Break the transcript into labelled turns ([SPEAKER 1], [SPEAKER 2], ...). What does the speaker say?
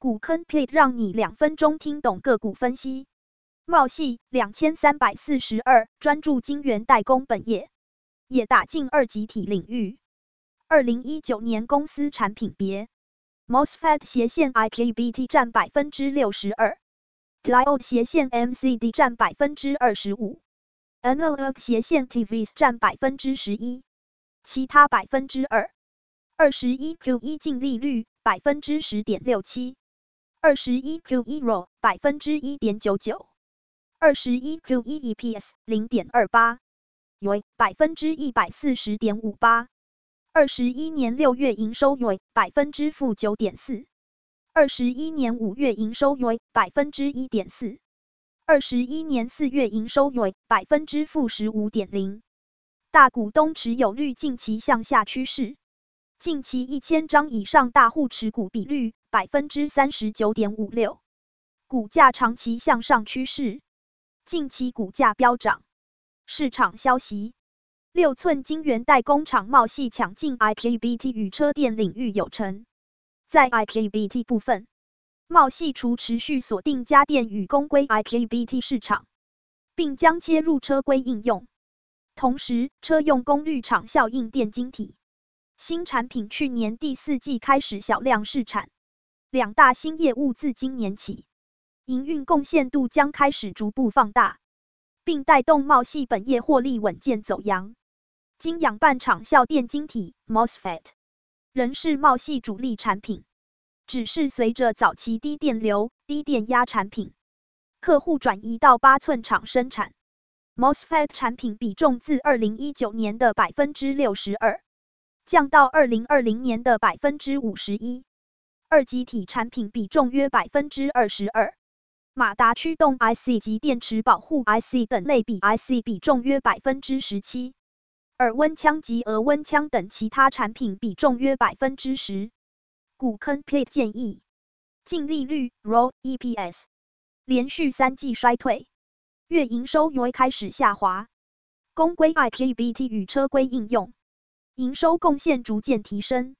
[SPEAKER 1] 股坑 please 讓你兩分鐘聽懂個股分析。茂矽兩千三百四十二，42, 專注晶圓代工本業，也打進二極體領域。二零一九年公司產品別，MOSFET 斜線 IGBT 占百分之六十二 Diode 斜線 MCD 占百分之二十五 Analog 斜線 TVS 占百分之十一，其他百分之二。二十一 Q 一、e、淨利率百分之十點六七。二十一 Q 一 ROE 百分之一點九九，二十一 Q 一 EPS 零點二八，YoY 百分之一百四十點五八，二十一年六月營收 YoY 百分之負九點四，二十一年五月營收 YoY 百分之一點四，二十一年四月營收 YoY 百分之負十五點零，大股東持有率近期向下趨勢。近期一千張以上大戶持股比率百分之三十九點五六，股價長期向上趨勢，近期股價飆漲。市場消息，六寸晶圓代工廠茂矽搶進 IGBT 與車電領域有成，在 IGBT 部分，茂矽除持續鎖定家電與工規 IGBT 市場，並將切入車規應用，同時車用功率場效應電晶體。新產品去年第四季開始小量試產，兩大新業務自今年起，營運貢獻度將開始逐步放大，並帶動茂矽本業獲利穩健走揚。金氧半場效電晶體 MOSFET 仍是茂矽主力產品，只是隨着早期低電流、低電壓產品客戶轉移到八寸廠生產，MOSFET 產品比重自二零一九年的百分之六十二。降到二零二零年的百分之五十一，二極體產品比重約百分之二十二，馬達驅動 IC 及電池保護 IC 等類比 IC 比重約百分之十七，耳溫槍及額溫槍等其他產品比重約百分之十。股坑 plate 建議，淨利率 ROE、EPS 連續三季衰退，月營收 YoY 開始下滑，工規 IGBT 與車規應用。營收貢獻逐漸提升。